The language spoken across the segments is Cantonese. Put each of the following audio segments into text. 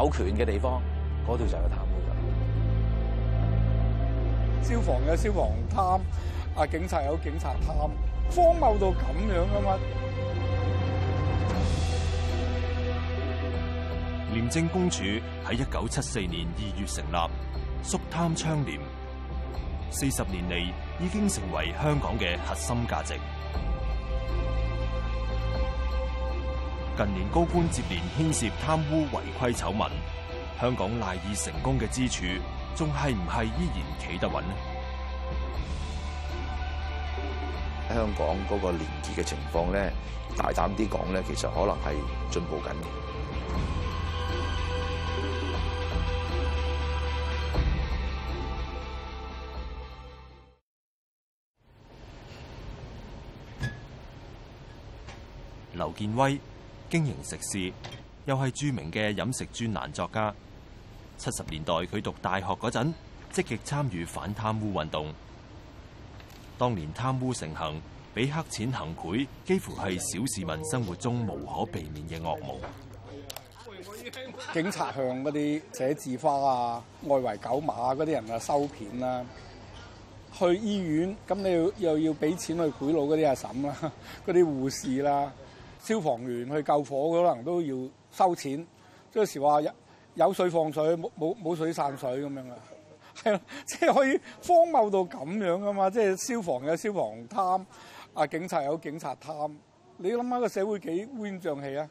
有權嘅地方，嗰度就有貪污噶。消防有消防貪，啊警察有警察貪，荒謬到咁樣噶嘛？廉政公署喺一九七四年二月成立，肅貪倡廉，四十年嚟已經成為香港嘅核心價值。近年高官接連牽涉貪污違規醜聞，香港賴以成功嘅支柱，仲係唔係依然企得穩呢？香港嗰個廉潔嘅情況咧，大膽啲講咧，其實可能係進步緊嘅。劉建威。經營食肆，又係著名嘅飲食專欄作家。七十年代佢讀大學嗰陣，積極參與反貪污運動。當年貪污成行，俾黑錢行賄，幾乎係小市民生活中無可避免嘅惡夢。警察向嗰啲寫字花啊、外圍狗馬嗰啲人啊收片啦，去醫院咁你要又要俾錢去賄賂嗰啲阿嬸啦，嗰啲護士啦。消防員去救火，可能都要收錢，即係時話有有水放水，冇冇冇水散水咁樣啊！係，即係可以荒謬到咁樣噶嘛！即係消防有消防貪，啊警察有警察貪，你諗下個社會幾烏煙瘴氣啊！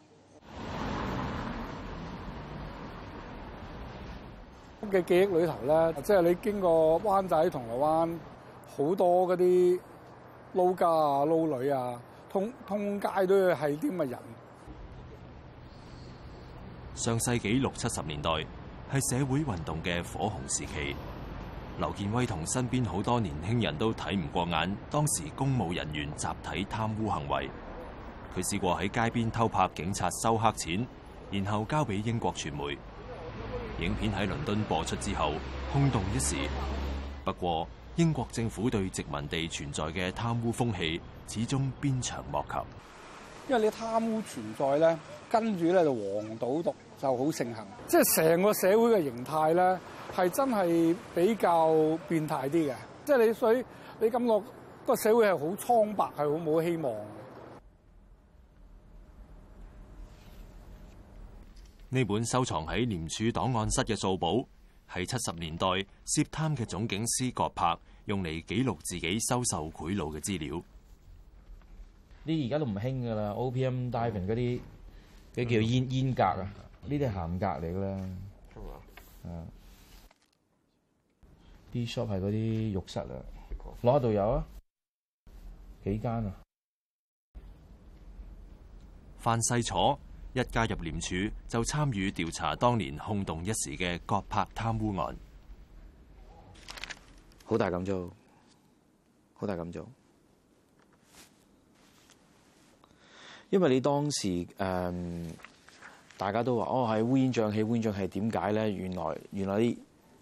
咁嘅記憶裏頭咧，即係你經過灣仔銅鑼灣好多嗰啲撈家啊、撈女啊。通通街都係啲咁嘅人。上世紀六七十年代係社會運動嘅火紅時期，劉建威同身邊好多年輕人都睇唔過眼當時公務人員集體貪污行為。佢試過喺街邊偷拍警察收黑錢，然後交俾英國傳媒。影片喺倫敦播出之後，轟動一時。不過英國政府對殖民地存在嘅貪污風氣，始終鞭長莫及，因為你貪污存在咧，跟住咧就黃賭毒就好盛行，即係成個社會嘅形態咧係真係比較變態啲嘅，即係你所你感覺個社會係好蒼白，係好冇希望。呢本收藏喺廉署檔案室嘅數簿，係七十年代涉貪嘅總警司葛柏用嚟記錄自己收受賄賂嘅資料。啲而家都唔興噶啦，O P M diving 嗰啲，嗰啲叫煙煙格,格啊，呢啲鹹格嚟噶啦。係啲 shop 係嗰啲浴室啊，嗰度有啊，幾間啊。范世楚一加入廉署，就參與調查當年轟動一時嘅葛柏貪污案，好大感觸，好大感觸。因為你當時誒、嗯，大家都話：哦，係烏煙瘴氣，烏煙瘴氣點解咧？原來原來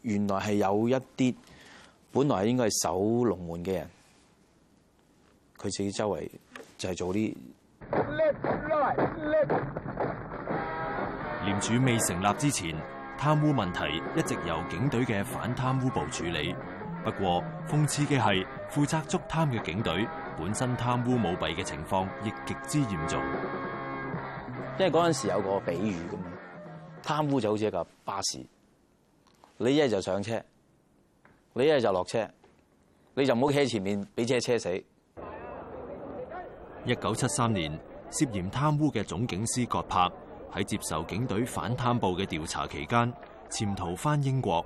原來係有一啲本來應該係守龍門嘅人，佢自己周圍就係做啲。廉署未成立之前，貪污問題一直由警隊嘅反貪污部處理。不過，諷刺嘅係負責捉貪嘅警隊。本身貪污舞弊嘅情況亦極之嚴重，因為嗰陣時有個比喻咁啊，貪污就好似一架巴士，你一就上車，你一就落車，你就唔好企喺前面俾車車死。一九七三年，涉嫌貪污嘅總警司葛柏喺接受警隊反貪部嘅調查期間潛逃返英國，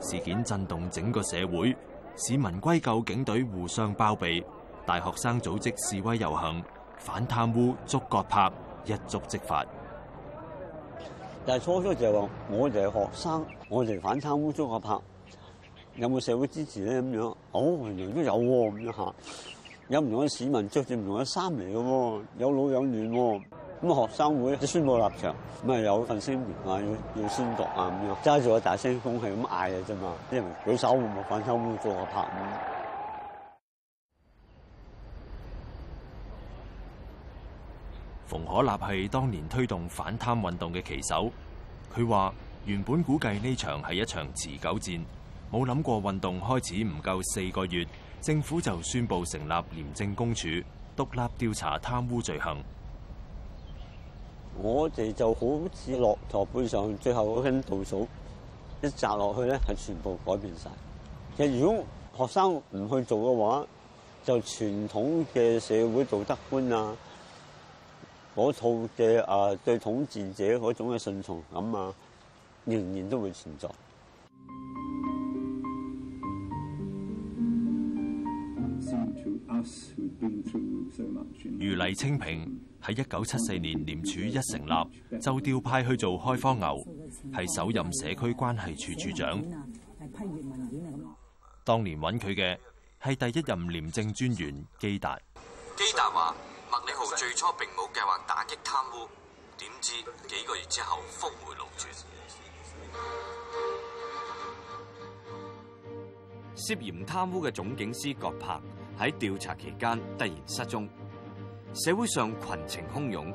事件震動整個社會，市民歸咎警隊互相包庇。大學生組織示威遊行，反貪污捉葛柏，一觸即發。但係初初就話，我哋係學生，我哋反貪污捉葛柏。」有冇社會支持咧？咁樣，哦，原來都有咁樣吓。有唔同嘅市民，着住唔同嘅衫嚟嘅，有老有嫩。咁啊，學生會宣佈立場，咁啊有份聲明啊，要要宣讀啊，咁樣揸住個大聲公，係咁嗌嘅啫嘛，即係舉手唔係反貪污捉葛柏？馮可立係當年推動反貪運動嘅旗手，佢話原本估計呢場係一場持久戰，冇諗過運動開始唔夠四個月，政府就宣布成立廉政公署，獨立調查貪污罪行。我哋就好似駱駝背上，最後嗰根稻草一摘落去咧，係全部改變晒。其實如果學生唔去做嘅話，就傳統嘅社會道德觀啊。嗰套嘅啊，對統治者嗰種嘅信從咁、嗯、啊，仍然都會存在。如黎清平喺一九七四年廉署一成立，就調派去做開荒牛，係首任社區關係處處長。係當年揾佢嘅係第一任廉政專員基達。基達話。最初並冇計劃打擊貪污，點知幾個月之後峰迴路轉，涉嫌貪污嘅總警司葛柏喺調查期間突然失蹤，社會上群情洶湧。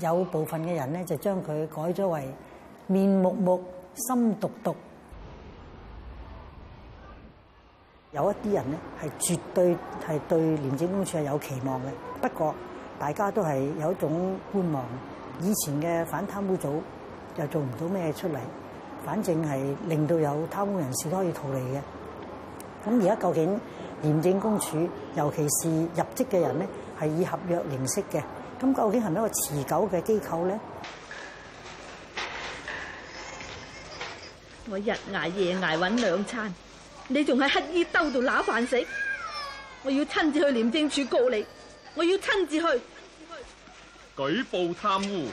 有部分嘅人咧，就將佢改咗為面目目心毒毒。有一啲人咧，係絕對係對廉政公署係有期望嘅。不過，大家都係有一種觀望。以前嘅反貪污組又做唔到咩出嚟，反正係令到有貪污人士都可以逃離嘅。咁而家究竟廉政公署，尤其是入職嘅人咧，係以合約形式嘅。咁究竟係咪一個持久嘅機構呢？我日捱夜捱揾兩餐，你仲喺乞衣兜度攞飯食？我要親自去廉政署告你，我要親自去舉報貪污。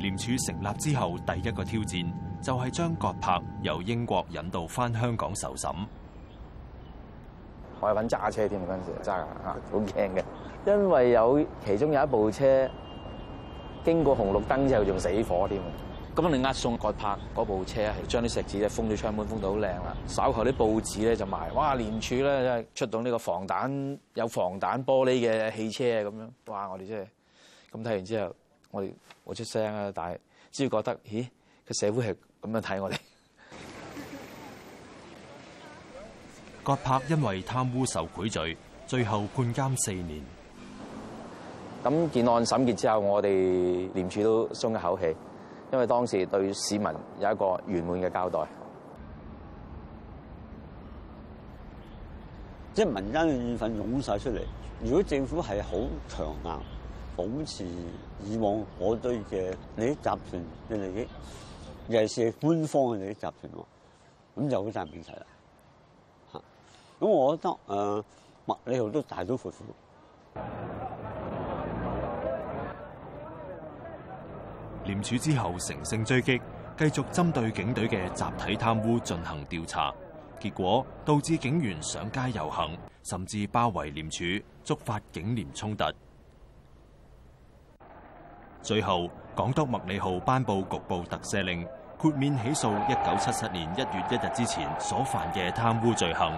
廉署成立之後，第一個挑戰就係將葛柏由英國引渡翻香港受審。我係揾揸車添，嗰陣時揸啊，好驚嘅。因為有其中有一部車經過紅綠燈之後仲死火添。咁你押送葛柏嗰部車，將啲石子咧封咗窗門，封到好靚啦。稍後啲報紙咧就賣。哇！廉署咧出動呢個防彈有防彈玻璃嘅汽車咁樣。哇！我哋真係咁睇完之後，我哋冇出聲啊，但係只要覺得，咦？個社會係咁樣睇我哋。葛柏因為貪污受賄罪，最後判監四年。咁件案審結之後，我哋廉署都鬆一口氣，因為當時對市民有一個圓滿嘅交代。即係民間嘅怨憤湧晒出嚟，如果政府係好強硬，保持以往我對嘅呢啲集團嘅利益，尤其是官方嘅呢啲集團，咁就好大問題啦。咁我覺得，誒、呃，麥理浩都大刀闊斧。廉署之後乘勝追擊，繼續針對警隊嘅集體貪污進行調查，結果導致警員上街遊行，甚至包圍廉署，觸發警廉衝突。最後，港督麥理浩頒佈局部特赦令，豁免起訴一九七七年一月一日之前所犯嘅貪污罪行。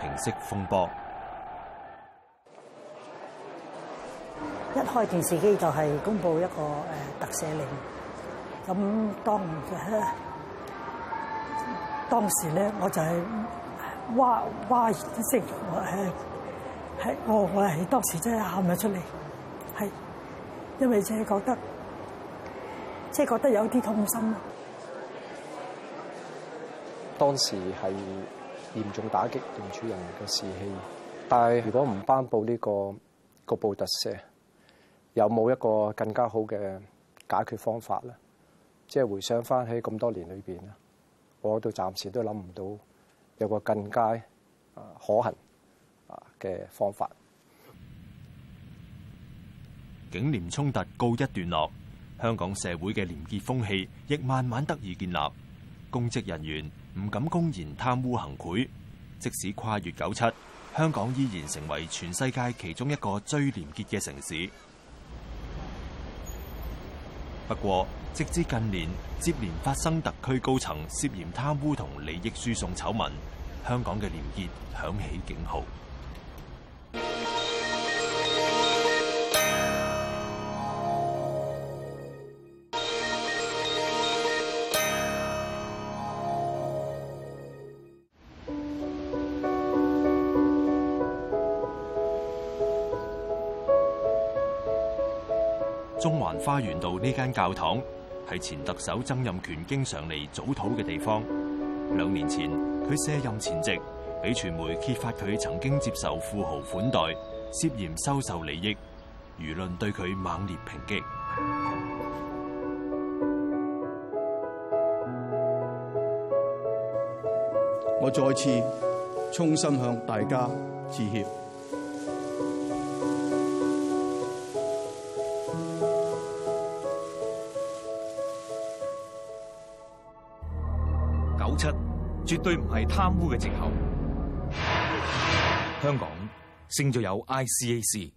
平息風波。一開電視機就係公布一個誒、呃、特赦令。咁當、呃、當時咧，我就係、是、哇哇熱聲、哦，我係係我我係當時真係喊咗出嚟，係因為即係覺得即係、就是、覺得有啲痛心。當時係。嚴重打擊廉署人員嘅士氣，但係如果唔頒布呢、這個局部、這個、特赦，有冇一個更加好嘅解決方法咧？即係回想翻喺咁多年裏邊咧，我到暫時都諗唔到有個更加啊可行啊嘅方法。警廉衝突告一段落，香港社會嘅廉潔風氣亦慢慢得以建立，公職人員。唔敢公然貪污行賄，即使跨越九七，香港依然成為全世界其中一個最廉潔嘅城市。不過，直至近年接連發生特區高層涉嫌貪污同利益輸送醜聞，香港嘅廉潔響起警號。花園道呢間教堂係前特首曾蔭權經常嚟早禱嘅地方。兩年前，佢卸任前夕，俾傳媒揭發佢曾經接受富豪款待，涉嫌收受利益，輿論對佢猛烈抨擊。我再次衷心向大家致歉。係貪污嘅借口。香港勝在有 ICAC。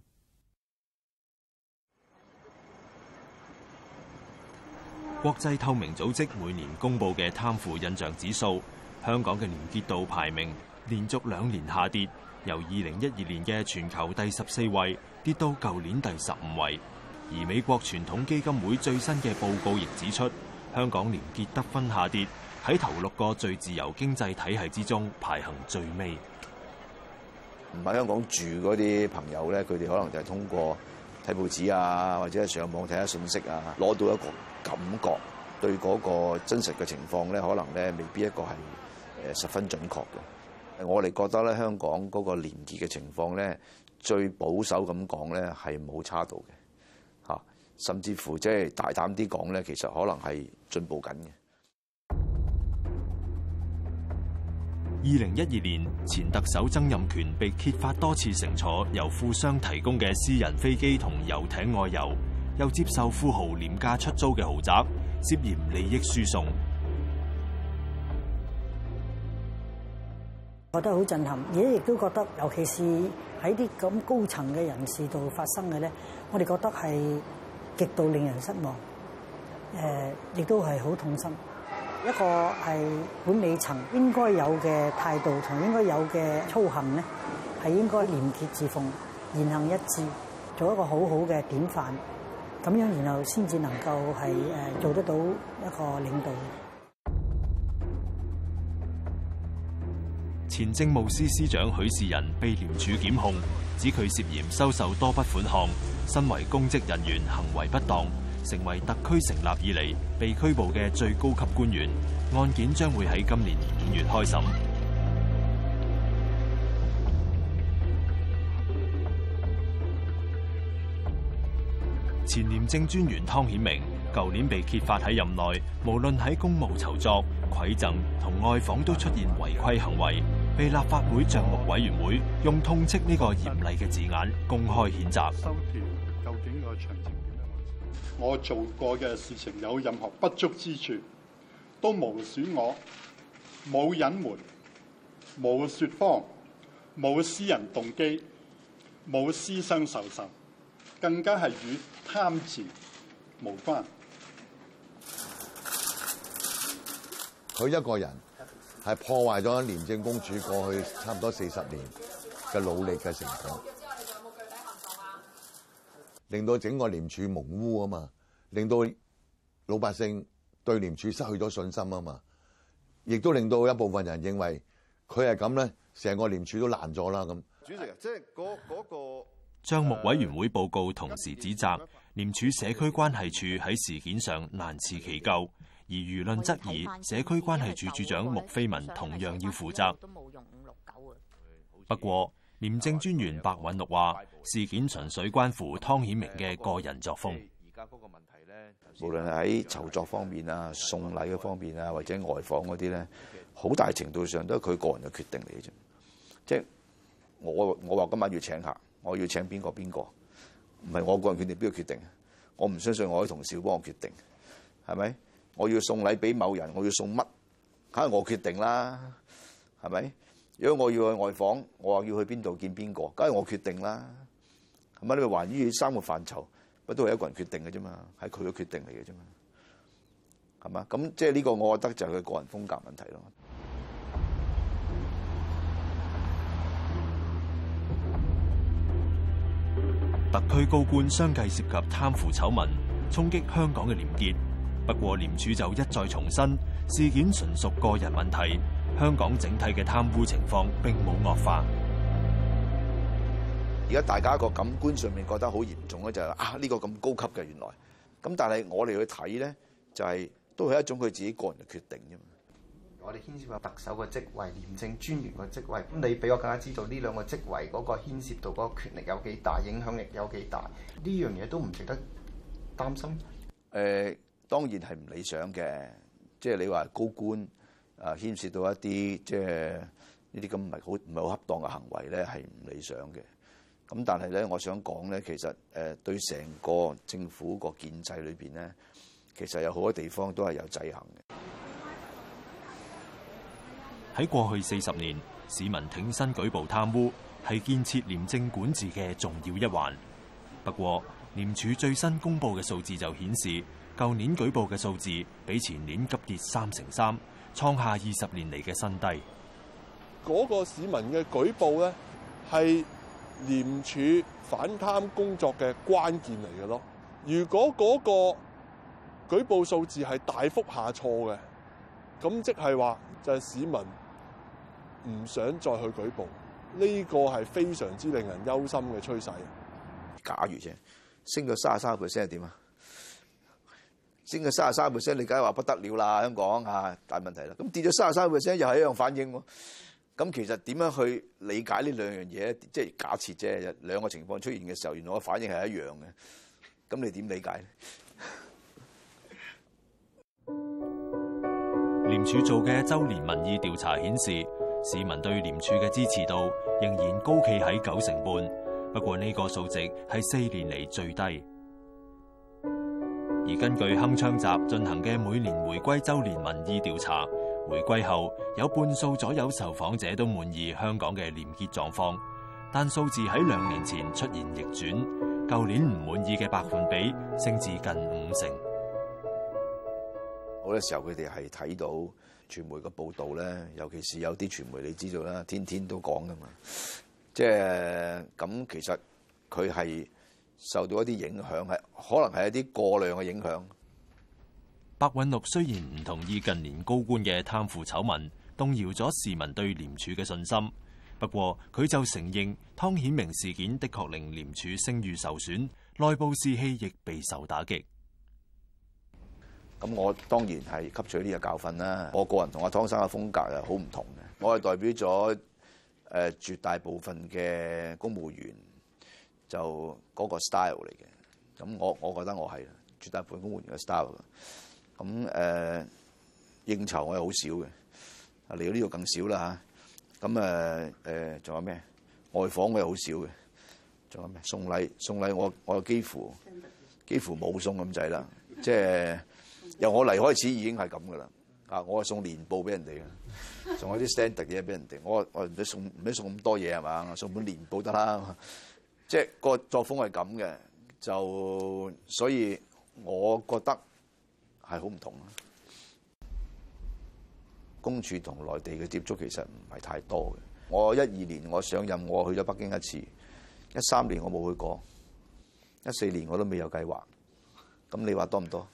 國際透明組織每年公布嘅貪腐印象指數，香港嘅廉潔度排名連續兩年下跌，由二零一二年嘅全球第十四位跌到舊年第十五位。而美國傳統基金會最新嘅報告亦指出，香港廉潔得分下跌。喺頭六個最自由經濟體系之中排行最尾，唔係香港住嗰啲朋友咧，佢哋可能就係通過睇報紙啊，或者係上網睇下信息啊，攞到一個感覺，對嗰個真實嘅情況咧，可能咧未必一個係誒十分準確嘅。我哋覺得咧，香港嗰個廉潔嘅情況咧，最保守咁講咧，係冇差到嘅嚇，甚至乎即係大膽啲講咧，其實可能係進步緊嘅。二零一二年，前特首曾蔭權被揭發多次乘坐由富商提供嘅私人飛機同遊艇外遊，又接受富豪廉價出租嘅豪宅，涉嫌利益輸送。我覺得好震撼，而家亦都覺得，尤其是喺啲咁高層嘅人士度發生嘅咧，我哋覺得係極度令人失望，誒，亦都係好痛心。一個係管理層應該有嘅態度同應該有嘅操行呢，係應該廉潔自奉、言行一致，做一個好好嘅典範，咁樣然後先至能夠係誒，做得到一個領導。前政務司司長許仕仁被廉署檢控，指佢涉嫌收受多筆款項，身為公職人員行為不當。成為特區成立以嚟被拘捕嘅最高級官員，案件將會喺今年五月開審。前廉政專員湯顯明，舊年被揭發喺任內，無論喺公務籌作、饋贈同外訪都出現違規行為，被立法會賬目委員會用“痛斥”呢個嚴厲嘅字眼公開譴責。我做過嘅事情有任何不足之處，都無損我冇隱瞞、冇説謊、冇私人動機、冇私相授受，更加係與貪錢無關。佢一個人係破壞咗廉政公署過去差唔多四十年嘅努力嘅成果。令到整個廉署蒙污啊嘛，令到老百姓對廉署失去咗信心啊嘛，亦都令到一部分人認為佢係咁咧，成個廉署都爛咗啦咁。主席啊，即係嗰嗰個。賬目委員會報告同時指責廉署社區關係處喺事件上難辭其咎，而輿論質疑社區關係處處,處長穆飛文同樣要負責。都冇用五六九啊。嗯嗯、 不過。廉政專員白韞六話：事件純粹關乎湯顯明嘅個人作風。而家嗰個問題咧，無論喺籌作方面啊、送禮方面啊，或者外訪嗰啲咧，好大程度上都係佢個人嘅決定嚟嘅啫。即係我我話今晚要請客，我要請邊個邊個，唔係我個人決定，邊個決定？我唔相信我嘅同事幫我決定，係咪？我要送禮俾某人，我要送乜？梗係我決定啦，係咪？如果我要去外訪，我話要去邊度見邊個，梗係我決定啦。咁啊，你話環於生活範疇，不都係一個人決定嘅啫嘛？係佢嘅決定嚟嘅啫嘛？係嘛？咁即係呢個，我覺得就係佢個人風格問題咯。特區高官相繼涉及貪腐醜聞，衝擊香港嘅廉潔。不過廉署就一再重申，事件純屬個人問題。香港整體嘅貪污情況並冇惡化，而家大家個感官上面覺得好嚴重咧、啊這個，就係啊呢個咁高級嘅原來，咁但係我哋去睇咧，就係都係一種佢自己個人嘅決定啫嘛。我哋牽涉到特首嘅職位、廉政專員嘅職位，咁你比我更加知道呢兩個職位嗰個牽涉到嗰個權力有幾大、影響力有幾大，呢樣嘢都唔值得擔心。誒，當然係唔理想嘅，即係你話高官。啊，牽涉到一啲即係呢啲咁唔係好唔係好恰當嘅行為咧，係唔理想嘅。咁但係咧，我想講咧，其實誒對成個政府個建制裏邊咧，其實有好多地方都係有制衡嘅。喺過去四十年，市民挺身舉報貪污，係建設廉政管治嘅重要一環。不過，廉署最新公布嘅數字就顯示，舊年舉報嘅數字比前年急跌三成三。創下二十年嚟嘅新低。嗰個市民嘅舉報咧，係廉署反貪工作嘅關鍵嚟嘅咯。如果嗰個舉報數字係大幅下挫嘅，咁即係話就係市民唔想再去舉報。呢個係非常之令人憂心嘅趨勢。啊，假如啫，升到三十三倍先係點啊？升咗三十三 percent，你梗係話不得了啦，香港啊，大問題啦。咁跌咗三十三 percent 又係一樣反應喎、啊。咁其實點樣去理解兩呢兩樣嘢？即係假設啫，兩個情況出現嘅時候，原來嘅反應係一樣嘅。咁你點理解咧？廉署做嘅周年民意調查顯示，市民對廉署嘅支持度仍然高企喺九成半，不過呢個數值係四年嚟最低。而根據《鏗鏘集》進行嘅每年回歸週年民意調查，回歸後有半數左右受訪者都滿意香港嘅廉潔狀況，但數字喺兩年前出現逆轉，舊年唔滿意嘅百分比升至近五成。好多時候佢哋係睇到傳媒嘅報道咧，尤其是有啲傳媒你知道啦，天天都講噶嘛，即係咁，其實佢係。受到一啲影響，係可能係一啲過量嘅影響。白韞六雖然唔同意近年高官嘅貪腐醜聞，動搖咗市民對廉署嘅信心。不過佢就承認湯顯明事件，的確令廉署聲譽受損，內部士氣亦備受打擊。咁我當然係吸取呢個教訓啦。我個人同阿湯生嘅風格又好唔同嘅，我係代表咗誒絕大部分嘅公務員。就嗰個 style 嚟嘅，咁我我覺得我係絕大部分公務員嘅 style。咁誒、呃、應酬我又好少嘅，嚟到呢度更少啦嚇。咁誒誒仲有咩外訪我又好少嘅，仲有咩送禮送禮我我幾乎、standard. 幾乎冇送咁滯啦。即、就、係、是、 由我嚟開始已經係咁噶啦。啊，我係送年報俾人哋嘅，送啲 standard 嘢俾人哋。我我唔使送唔使送咁多嘢係嘛？送本年報得啦。即係個作風係咁嘅，就所以我覺得係好唔同啦。公署同內地嘅接觸其實唔係太多嘅。我一二年我上任我去咗北京一次，一三年我冇去過，一四年我都未有計劃。咁你話多唔多？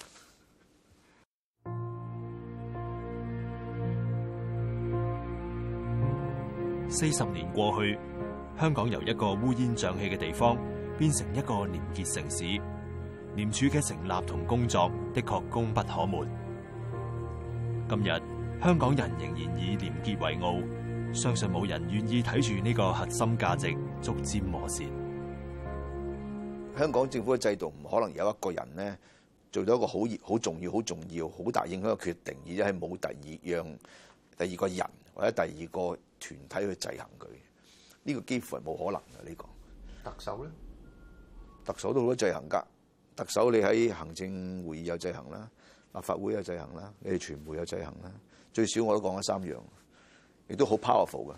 四十年過去。香港由一個烏煙瘴氣嘅地方變成一個廉潔城市，廉署嘅成立同工作的確功不可沒。今日香港人仍然以廉潔為傲，相信冇人願意睇住呢個核心價值逐漸磨蝕。香港政府嘅制度唔可能有一個人呢，做咗一個好熱、好重要、好重要、好大影響嘅決定，而係冇第二樣、第二個人或者第二個團體去制衡佢。呢、這個幾乎係冇可能嘅呢個。特首咧，特首都好多制衡噶。特首你喺行政會議有制衡啦，立法會有制衡啦，你傳媒有制衡啦。最少我都講咗三樣，亦都好 powerful 嘅。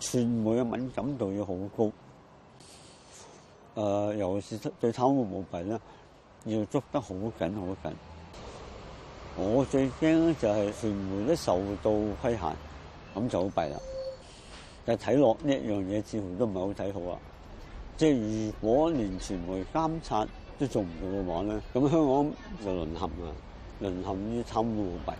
傳媒嘅敏感度要好高，誒、呃，尤其是對貪污舞弊啦，要捉得好緊，好緊。我最驚咧就係傳媒都受到規限，咁就好弊啦。但睇落呢一樣嘢，似乎都唔係好睇好啊。即係如果連傳媒監察都做唔到嘅話咧，咁香港就淪陷啊！淪陷於貪污弊。